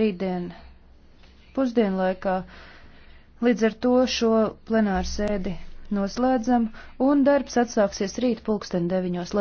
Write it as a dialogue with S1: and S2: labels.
S1: rītdien pusdienlaikā. Līdz ar to šo plenāru sēdi noslēdzam, un darbs atsāksies rīt pulksten deviņos.